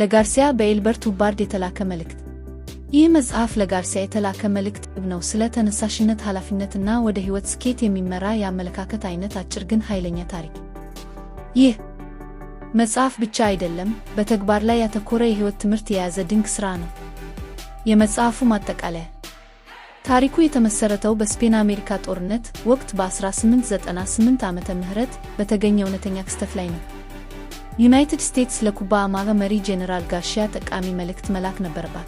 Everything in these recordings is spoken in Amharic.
ለጋርሲያ በኤልበርት ሁባርድ የተላከ መልእክት። ይህ መጽሐፍ ለጋርሲያ የተላከ መልእክት ነው። ስለ ተነሳሽነት፣ ኃላፊነትና ወደ ሕይወት ስኬት የሚመራ የአመለካከት አይነት፣ አጭር ግን ኃይለኛ ታሪክ። ይህ መጽሐፍ ብቻ አይደለም፣ በተግባር ላይ ያተኮረ የሕይወት ትምህርት የያዘ ድንቅ ሥራ ነው። የመጽሐፉ ማጠቃለያ ታሪኩ የተመሰረተው በስፔን አሜሪካ ጦርነት ወቅት በ1898 ዓመተ ምህረት በተገኘ እውነተኛ ክስተት ላይ ነው። ዩናይትድ ስቴትስ ለኩባማ መሪ ጄኔራል ጋርሲያ ጠቃሚ መልእክት መላክ ነበረባት።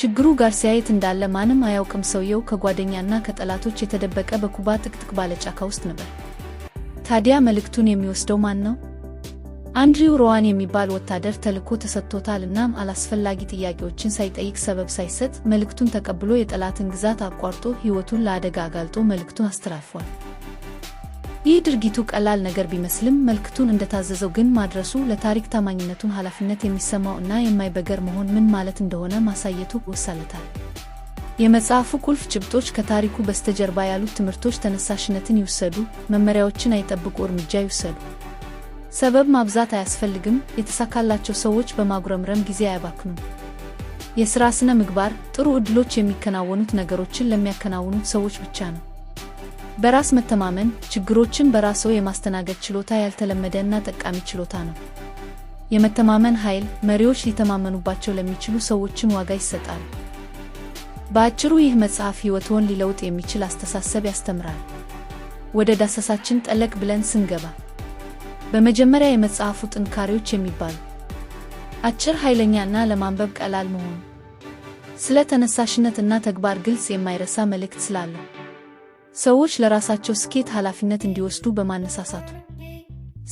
ችግሩ ጋርሲያ የት እንዳለ ማንም አያውቅም። ሰውየው ከጓደኛና ከጠላቶች የተደበቀ በኩባ ጥቅጥቅ ባለ ጫካ ውስጥ ነበር። ታዲያ መልእክቱን የሚወስደው ማን ነው? አንድሪው ሮዋን የሚባል ወታደር ተልዕኮ ተሰጥቶታል። እናም አላስፈላጊ ጥያቄዎችን ሳይጠይቅ ሰበብ ሳይሰጥ መልእክቱን ተቀብሎ የጠላትን ግዛት አቋርጦ ሕይወቱን ለአደጋ አጋልጦ መልእክቱን አስተላልፏል። ይህ ድርጊቱ ቀላል ነገር ቢመስልም መልክቱን እንደታዘዘው ግን ማድረሱ ለታሪክ ታማኝነቱን ኃላፊነት የሚሰማው እና የማይበገር መሆን ምን ማለት እንደሆነ ማሳየቱ ወሳለታል። የመጽሐፉ ቁልፍ ጭብጦች ከታሪኩ በስተጀርባ ያሉት ትምህርቶች ተነሳሽነትን ይውሰዱ፣ መመሪያዎችን አይጠብቁ፣ እርምጃ ይውሰዱ። ሰበብ ማብዛት አያስፈልግም። የተሳካላቸው ሰዎች በማጉረምረም ጊዜ አያባክኑም። የሥራ ሥነ ምግባር ጥሩ ዕድሎች የሚከናወኑት ነገሮችን ለሚያከናውኑት ሰዎች ብቻ ነው። በራስ መተማመን ችግሮችን በራስዎ የማስተናገድ ችሎታ ያልተለመደ እና ጠቃሚ ችሎታ ነው። የመተማመን ኃይል መሪዎች ሊተማመኑባቸው ለሚችሉ ሰዎችም ዋጋ ይሰጣል። በአጭሩ ይህ መጽሐፍ ሕይወትዎን ሊለውጥ የሚችል አስተሳሰብ ያስተምራል። ወደ ዳሰሳችን ጠለቅ ብለን ስንገባ በመጀመሪያ የመጽሐፉ ጥንካሬዎች የሚባሉ አጭር፣ ኃይለኛ እና ለማንበብ ቀላል መሆኑ፣ ስለ ተነሳሽነት እና ተግባር ግልጽ የማይረሳ መልእክት ስላለው ሰዎች ለራሳቸው ስኬት ኃላፊነት እንዲወስዱ በማነሳሳቱ።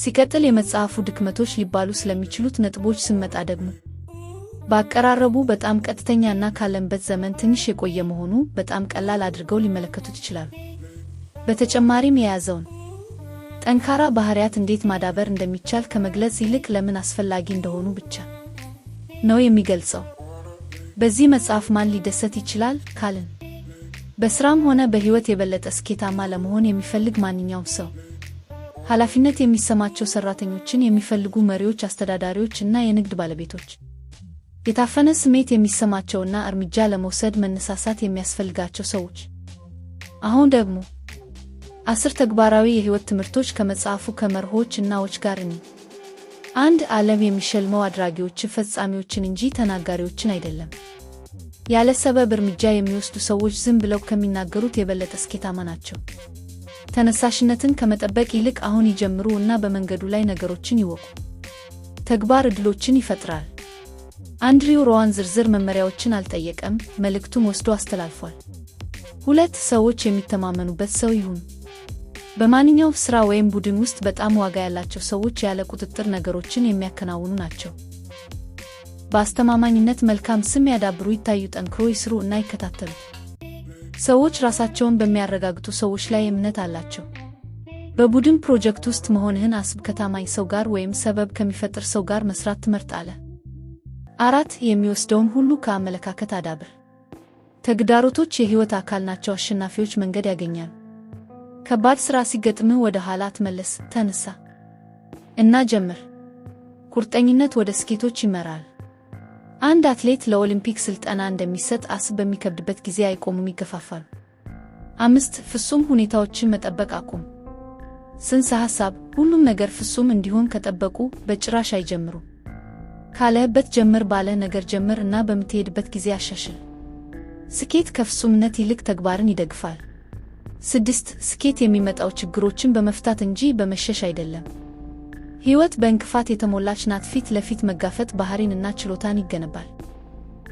ሲቀጥል የመጽሐፉ ድክመቶች ሊባሉ ስለሚችሉት ነጥቦች ሲመጣ ደግሞ በአቀራረቡ በጣም ቀጥተኛና ካለንበት ዘመን ትንሽ የቆየ መሆኑ በጣም ቀላል አድርገው ሊመለከቱት ይችላሉ። በተጨማሪም የያዘውን ጠንካራ ባህሪያት እንዴት ማዳበር እንደሚቻል ከመግለጽ ይልቅ ለምን አስፈላጊ እንደሆኑ ብቻ ነው የሚገልጸው። በዚህ መጽሐፍ ማን ሊደሰት ይችላል ካልን በስራም ሆነ በህይወት የበለጠ ስኬታማ ለመሆን የሚፈልግ ማንኛውም ሰው ኃላፊነት የሚሰማቸው ሰራተኞችን የሚፈልጉ መሪዎች፣ አስተዳዳሪዎች እና የንግድ ባለቤቶች የታፈነ ስሜት የሚሰማቸውና እርምጃ ለመውሰድ መነሳሳት የሚያስፈልጋቸው ሰዎች። አሁን ደግሞ አስር ተግባራዊ የህይወት ትምህርቶች ከመጽሐፉ ከመርሆች እናዎች ጋር እኔ አንድ ዓለም የሚሸልመው አድራጊዎችን ፈጻሚዎችን እንጂ ተናጋሪዎችን አይደለም። ያለ ሰበብ እርምጃ የሚወስዱ ሰዎች ዝም ብለው ከሚናገሩት የበለጠ ስኬታማ ናቸው። ተነሳሽነትን ከመጠበቅ ይልቅ አሁን ይጀምሩ እና በመንገዱ ላይ ነገሮችን ይወቁ። ተግባር ዕድሎችን ይፈጥራል። አንድሪው ሮዋን ዝርዝር መመሪያዎችን አልጠየቀም፣ መልእክቱም ወስዶ አስተላልፏል። ሁለት ሰዎች የሚተማመኑበት ሰው ይሁን። በማንኛውም ሥራ ወይም ቡድን ውስጥ በጣም ዋጋ ያላቸው ሰዎች ያለ ቁጥጥር ነገሮችን የሚያከናውኑ ናቸው። በአስተማማኝነት መልካም ስም ያዳብሩ፣ ይታዩ፣ ጠንክሮ ይስሩ እና ይከታተሉ። ሰዎች ራሳቸውን በሚያረጋግጡ ሰዎች ላይ እምነት አላቸው። በቡድን ፕሮጀክት ውስጥ መሆንህን አስብ። ከታማኝ ሰው ጋር ወይም ሰበብ ከሚፈጥር ሰው ጋር መስራት አለ። አራት የሚወስደውን ሁሉ ከአመለካከት አዳብር። ተግዳሮቶች የህይወት አካል ናቸው። አሸናፊዎች መንገድ ያገኛሉ። ከባድ ሥራ ሲገጥምህ ወደ ኋላ አትመለስ። ተነሳ እና ጀምር። ቁርጠኝነት ወደ ስኬቶች ይመራል። አንድ አትሌት ለኦሊምፒክ ስልጠና እንደሚሰጥ አስብ በሚከብድበት ጊዜ አይቆሙም፣ ይገፋፋሉ። አምስት ፍጹም ሁኔታዎችን መጠበቅ አቁም። ስንሰ ሐሳብ ሁሉም ነገር ፍጹም እንዲሆን ከጠበቁ በጭራሽ አይጀምሩም። ካለህበት ጀምር፣ ባለ ነገር ጀምር እና በምትሄድበት ጊዜ አሻሽል። ስኬት ከፍጹምነት ይልቅ ተግባርን ይደግፋል። ስድስት ስኬት የሚመጣው ችግሮችን በመፍታት እንጂ በመሸሽ አይደለም። ሕይወት በእንቅፋት የተሞላች ናት። ፊት ለፊት መጋፈጥ ባህሪን እና ችሎታን ይገነባል።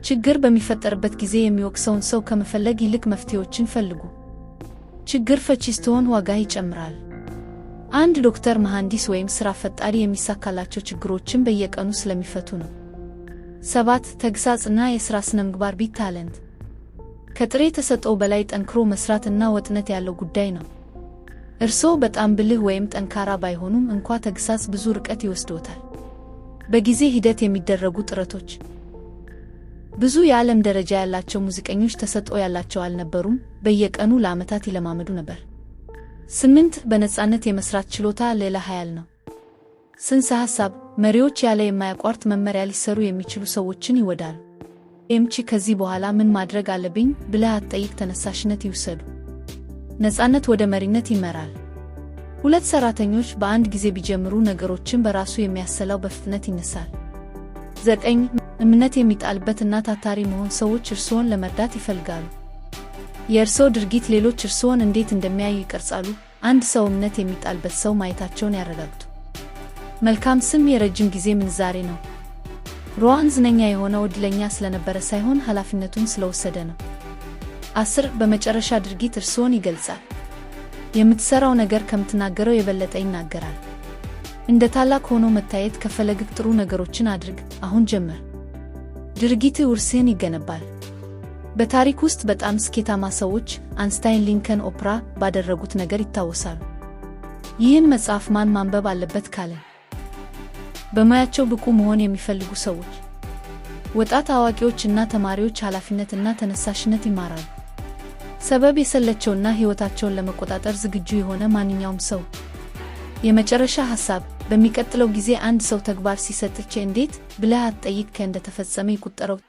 ችግር በሚፈጠርበት ጊዜ የሚወቅሰውን ሰው ከመፈለግ ይልቅ መፍትሄዎችን ፈልጉ። ችግር ፈቺ ስትሆን ዋጋ ይጨምራል። አንድ ዶክተር፣ መሐንዲስ ወይም ሥራ ፈጣሪ የሚሳካላቸው ችግሮችን በየቀኑ ስለሚፈቱ ነው። ሰባት ተግሳጽና የሥራ ስነ ምግባር ቢግ ታለንት ከጥሬ ተሰጥኦ በላይ ጠንክሮ መሥራት እና ወጥነት ያለው ጉዳይ ነው። እርስዎ በጣም ብልህ ወይም ጠንካራ ባይሆኑም እንኳ ተግሳጽ ብዙ ርቀት ይወስድዎታል። በጊዜ ሂደት የሚደረጉ ጥረቶች። ብዙ የዓለም ደረጃ ያላቸው ሙዚቀኞች ተሰጥኦ ያላቸው አልነበሩም። በየቀኑ ለዓመታት ይለማመዱ ነበር። ስምንት በነጻነት የመስራት ችሎታ ሌላ ኃያል ነው። ስንሰ ሐሳብ መሪዎች ያለ የማያቋርጥ መመሪያ ሊሰሩ የሚችሉ ሰዎችን ይወዳሉ። ኤምቺ ከዚህ በኋላ ምን ማድረግ አለብኝ ብለህ አትጠይቅ፣ ተነሳሽነት ይውሰዱ። ነፃነት ወደ መሪነት ይመራል። ሁለት ሰራተኞች በአንድ ጊዜ ቢጀምሩ ነገሮችን በራሱ የሚያሰላው በፍጥነት ይነሳል። ዘጠኝ እምነት የሚጣልበት እና ታታሪ መሆን ሰዎች እርስዎን ለመርዳት ይፈልጋሉ። የእርስዎ ድርጊት ሌሎች እርስዎን እንዴት እንደሚያዩ ይቀርጻሉ። አንድ ሰው እምነት የሚጣልበት ሰው ማየታቸውን ያረጋግጡ። መልካም ስም የረጅም ጊዜ ምንዛሬ ነው። ሩዋን ዝነኛ የሆነው ወድለኛ ስለነበረ ሳይሆን ኃላፊነቱን ስለወሰደ ነው። አስር በመጨረሻ ድርጊት እርስዎን ይገልጻል። የምትሰራው ነገር ከምትናገረው የበለጠ ይናገራል። እንደ ታላቅ ሆኖ መታየት ከፈለግክ ጥሩ ነገሮችን አድርግ፣ አሁን ጀምር። ድርጊት ውርስህን ይገነባል። በታሪክ ውስጥ በጣም ስኬታማ ሰዎች አንስታይን፣ ሊንከን፣ ኦፕራ ባደረጉት ነገር ይታወሳሉ። ይህን መጽሐፍ ማን ማንበብ አለበት ካለን በሙያቸው ብቁ መሆን የሚፈልጉ ሰዎች፣ ወጣት አዋቂዎች እና ተማሪዎች ኃላፊነት እና ተነሳሽነት ይማራሉ። ሰበብ የሰለቸውና ሕይወታቸውን ለመቆጣጠር ዝግጁ የሆነ ማንኛውም ሰው። የመጨረሻ ሐሳብ፣ በሚቀጥለው ጊዜ አንድ ሰው ተግባር ሲሰጥቼ እንዴት ብለህ አትጠይቅ ከእንደተፈጸመ ይቁጠረው።